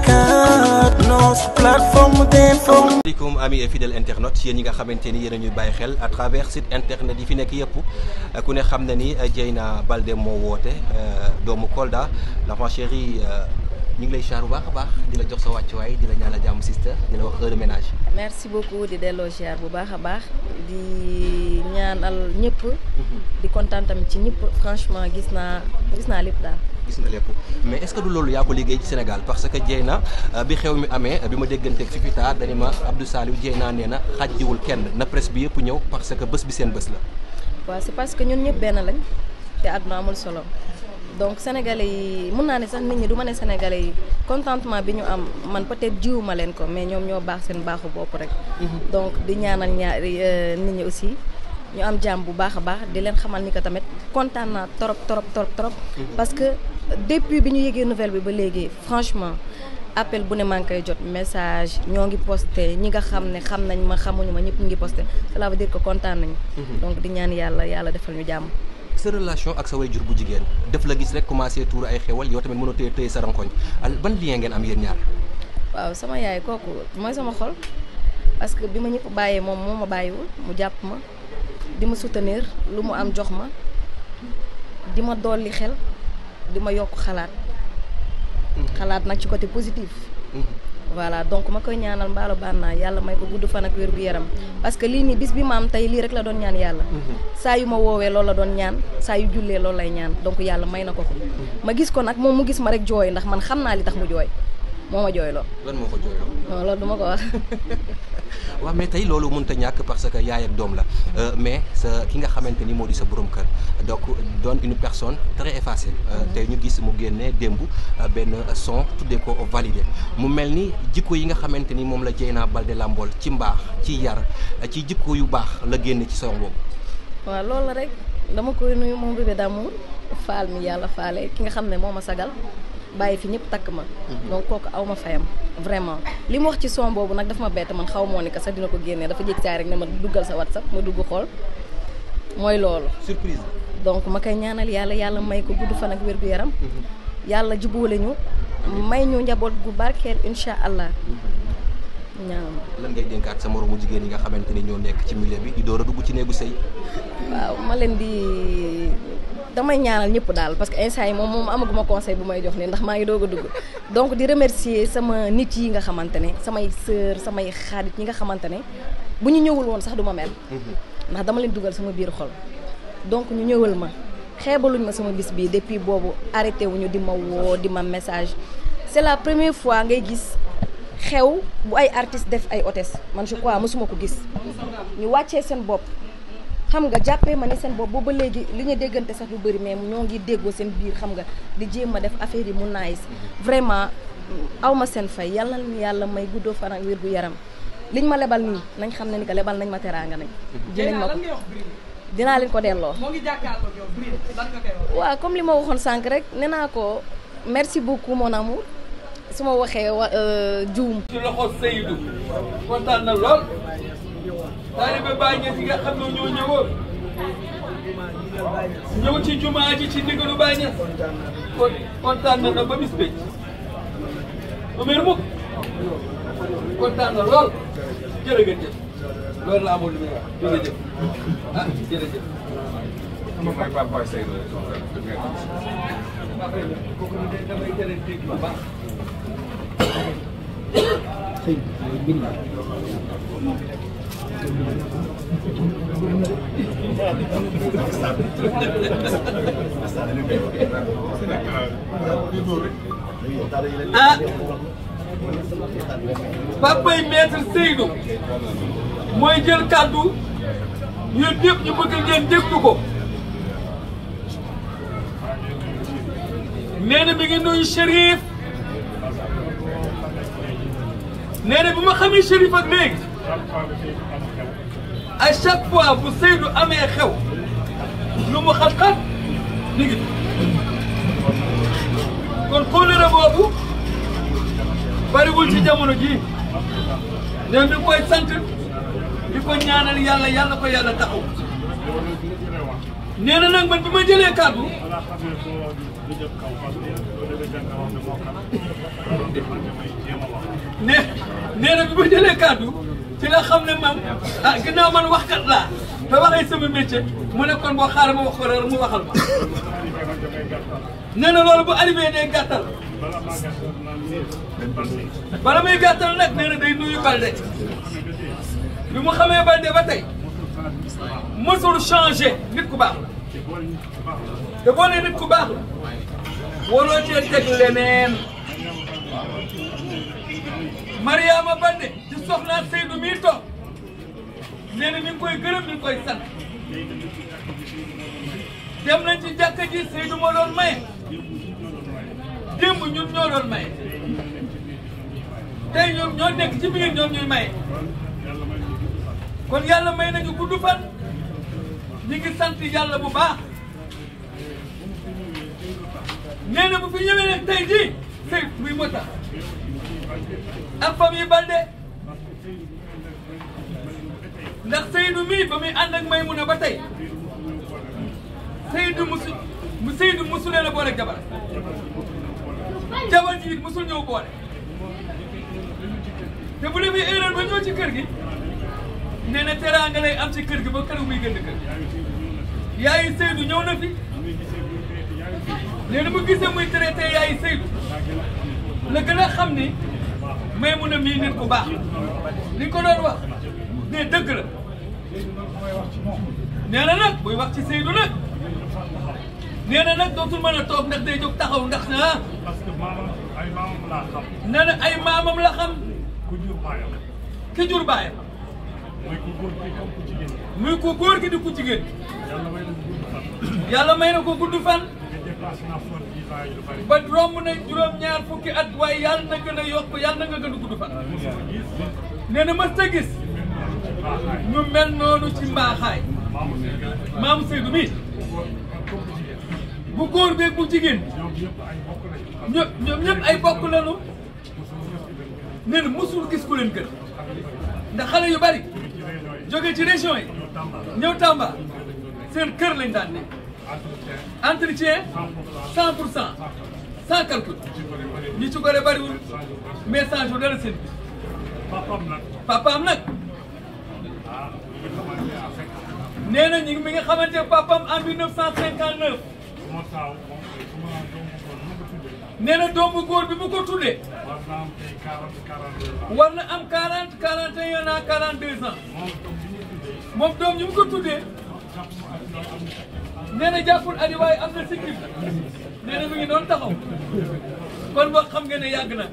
Dakar, notre plateforme d'information. asalaamaaleykum amis et fidèles internautes yéen ñi nga xamante ni yéen a ñuy bàyyi xel à travers site internet yi fi nekk yëpp ku ne xam na ni euh, Dieyna Baldé moo woote euh, doomu Kolda l'enfant chéri euh, ñu ngi lay ziar bu baax a baax di la jox sa wàccuwaay di la ñaanal jàmm sister di la wax heure ménage. merci beaucoup di delloo ziar bu baax a baax di ñaanal ñëpp. Mhm. di kontaan tamit ci ñëpp franchement gis naa gis naa lépp daal. gis na lépp mais est-ce que du loolu yaa ko liggéey ci Sénégal parce que Dieyna euh, bi xew mi amee bi ma dégganteeg Fifita dañu ma Abdou Saliou Dieyna nee na xàjjiwul kenn na presse bi yëpp ñëw parce que bés bi seen bés la. waaw c'est parce que ñun ñëpp benn lañ te àdduna amul solo donc sénégalais yi mun naa ne sax nit ñi du ma ne sénégalais yi contentement bi ñu am man peut-être jiwu ma leen ko mais ñoom ñoo baax seen baaxu bopp rek. Mhm. donc di ñaanal ñaar euh, nit ñi aussi. ñu am jàmm bu baax a baax di leen xamal ni ko tamit kontaan naa trop trop trop trop. Mhm. parce que depuis bi ñu yëgee nouvelle bi ba léegi franchement appel bu ne maa ngi koy jot message ñoo ngi posté ñi nga xam ne xam nañ ma xamuñu ma ñëpp ñu ngi posté cela veut dire ko kontaan nañu. Mhm. donc di ñaan yàlla yàlla defal ñu jàmm. sa relation ak sa wayjur bu jigéen def la gis rek commencé tuur ay xewal yow tamit mënoo téye téye sa rankoñ ban lien ngeen am yéen ñaar. waaw sama yaay kooku mooy sama xol parce que bi ma ñëpp bàyyee moom moo ma bàyyiwul mu jàpp ma. di ma soutenir lu mu am jox ma di ma dolli xel di ma yokk xalaat mm-hmm. xalaat nag ci côté positif mm-hmm. voilà donc ma koy ñaanal mbaalo baan naa yàlla may ko gudd fan ak wér gu yaram parce que lii nii bis bi ma am tey lii rek la doon ñaan yàlla mm-hmm. saa yu ma woowee loolu la doon ñaan saa yu jullee loolu lay ñaan donc yàlla may na ko ko ma gis ko nag moom mu gis ma rek jooy ndax man xam naa li tax mu jooy moo ma jooyloo lan moo ko ko wax waaw mais tey loolu mun a ñàkk parce que yaay ak doom la euh, mais sa ki nga xamante ni moo di sa boroom kër donc doon nu personne très effacée euh, mhm. tey ñu gis mu génne démb euh, benn son tuddee ko validé mu mel ni jikko yi nga xamante ni moom la Dieyna Baldé làmbool ci mbaax ci yar ci jikko yu baax la génne ci son boobu. waaw loolu rek dama koy nuyu moom bébé Damour faal mi yàlla faale ki nga xam ne moo ma sagal. bàyyi fi ñëpp takk ma. Mhm. donc kooku aw ma fayam vraiment li mu wax ci son boobu nag dafa ma bett man xaw moo ni ko sax dina ko génnee dafa jékki saa rek ne ma duggal sa whatsapp ma dugg xool mooy loolu. surprise donc ma kay ñaanal yàlla yàlla may ko gudd fan ak wér gu yaram. Mhm. yàlla jubóole ñu may ñu njaboot gu barkeel incha allah. Mhm. ñaanal lan ngay dénkaat sa moromu jigéen yi nga xamante ni ñoo nekk ci milieu bi di door a dugg ci néegu sëy. waaw ma leen di. damay ñaanal ñëpp daal parce que instant yi moom moom amaguma conseil bu may jox ne ndax maa ngi doog a dugg donc di remercier sama nit yi nga xamante ne samay sœur samay xarit ñi nga xamante ne bu ñu ñëwul woon sax du ma mel mhm. ndax dama leen dugal sama biir xol donc ñu ñëwal ma xeebaluñ ma sama gis bii depuis boobu arrêté wuñu di ma woo di ma message c'est la première fois ngay gis xew bu ay artistes def ay hôtesse man je crois mosuma ko gis ñu wàccee seen bopp xam nga jàppee ma ni seen boobu boobu ba léegi li ñu déggante sax yu bëri mais ñoo ngi déggoo seen biir xam nga di jéem a def affaire yi mu nice mhm. vraiment aw ma seen fay yàlla na yàlla may guddoo fan ak wér gu yaram liñ ma lebal nii nañ xam ne ni que lebal nañ ma teraanga nañ. Mhm. jëlañ ma ko dinaa leen ko delloo. moo ngi jàkkaarloo yow comme li ma waxoon sànq rek nee naa ko merci beaucoup mon amour su ma waxee wa euh, juum. ci loxo Seydou kontaan na lool. taalibe Baay Ñas yi nga xam ne ñoo ñëwoon ñëw ci jumaa ji ci ndigalu Baay Ñas kon kontaan na na ba bis bëj ba mer mukk na lool jërë ngeen jëf amoon lu muy wax jërëjëf ah jërëjëf moom ah papay maître Seydou mooy jël kàddu ñun ñëpp ñu bëgg ngeen déglu ko nee na mi ngi nuyu Chérif nee na bu ma xamee Chérif ak léegi à chaque fois bu Seydou amee xew lu mu xat-xat mi ngi kon kóllëre boobu bariwul ci jamono ji ñoom ñu koy sant di ko ñaanal yàlla yàlla ko yàlla taxaw nee na nag man bi ma jëlee kàddu ne nee bi ma jëlee kàddu ci la xam ne maam ah ginnaaw man waxkat laa te waxee sama métier mu ne kon boo xaaral ma wax ko mu na loolu bu arrivé day gàttal. bala muy gàttal nag nee na day nuyu Balde. bi mu xamee Balde ba tey mësul changé nit ku baax la. te boo nee nit ku baax la waroo cee teg leneen. Mariama Balde. soxnaa Seydou mii toog nee na koy gërëm ñu ngi koy sant dem nañ ci jàkka ji Seydou moo doon maye démb ñun ñoo doon maye tey ñoom ñoo nekk ci biir ñoom ñuy maye kon yàlla may nañu gudd fan ñu ngi sant yàlla bu baax nee na bu fi ñëwee nag tey jii Seydou muy moo tax ak ndax Seydou mii ba muy ànd ak Maymuna ba tey Seydou musu Seydou musu leen a boole ak jabar jabar ji it musul ñëw boole te bu demee erreur ba ñëw ci kër gi nee na teraanga lay am ci kër gi ba kër muy gën kër yaayu Seydou ñëw na fi nee mu gisee muy traité yaayu Seydou la gën a xam ni Maymuna mii nit ku baax li ko doon wax ne dëgg la. nee na nag wax ci Seydou nag. nee na dootul mën a toog ndax day jóg taxaw ndax na ah. parce que maamam ay maamam laa xam. nee na ay maamam la xam. ki jur baayam. muy ku góor ki di ku jigéen. yàlla may na ko gudd fan. yàlla romb na juróom-ñaar fukki at waaye yàlla na gën a yokk yàlla na nga gën a gudd fan. nee na mës gis. ñu mel noonu ci mbaaxaay maamu Seydou mi bu góor beeg bu jigéen ño ñoom ñëpp ay bokk lañu nee na mosul gis ku leen yu bari jóge ci région yi ñëw Tamba seen kër lañ daan ne entretien cent pour cent sans calcul ñi ci gore bariwul message wu dara seen bi nag nee na ñi mi nga xamante ne papam en 1959. nee na doomu góor bi mu ko tuddee. war na am 40 41 ans 42 ans. moom doom ñu mu ko tuddee. nee na jàppul am na sikkim. nee mu ngi doon taxaw. kon wax xam nga ne yàgg na.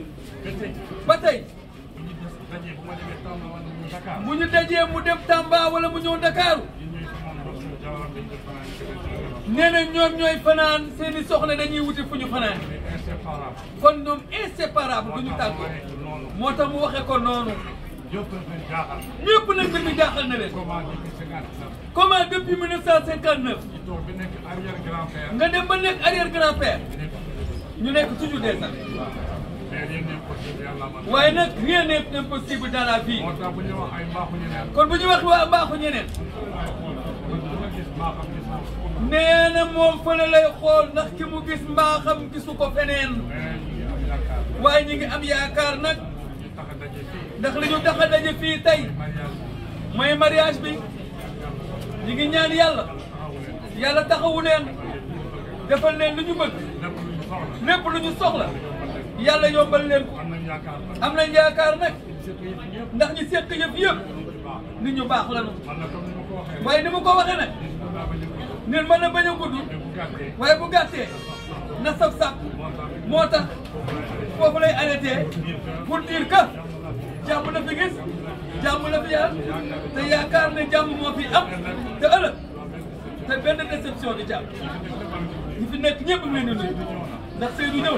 ba tey. bu ñu dajee mu dem Tamba wala mu ñëw Dakar nee na ñooy fanaan seeni soxna dañuy wuti fu ñu fanaan kon ñoom inséparable du ñu tàggoo moo tax mu waxee ko noonu ñëpp nag mbir mi jaaxal na leen comment depuis 1959 nga dem ba nekk arrière grand-père ñu nekk toujours des amis. waaye nag rien n'est impossible dans la vie. kon bu ñu wax waa mbaaxu ñeneen. nee na moom fële lay xool ndax ki mu gis mbaaxam gisu ko feneen. waaye ñu ngi am yaakaar nag. ndax li ñu tax daje fii tey. mooy mariage bi. ñu ngi ñaan yàlla. yàlla taxawu leen. defal nen lu ñu bëgg. lépp lu ñu soxla. yàlla yombal leen ko am nañ yaakaar nag ndax ñu seq yëf yëpp nit ñu baax la ñu waaye ni mu ko waxee nag nit mën na bañ a gudd waaye bu gàttee na saf-saf moo tax foofu lay arrêté pour dire que jàmm na fi gis jàmm na fi yàlla te yaakaar ne jàmm moo fi am te ëllëg te benn déception di jàmm ñi fi nekk ñëpp mu leen di nuyu ndax Seydou ñëw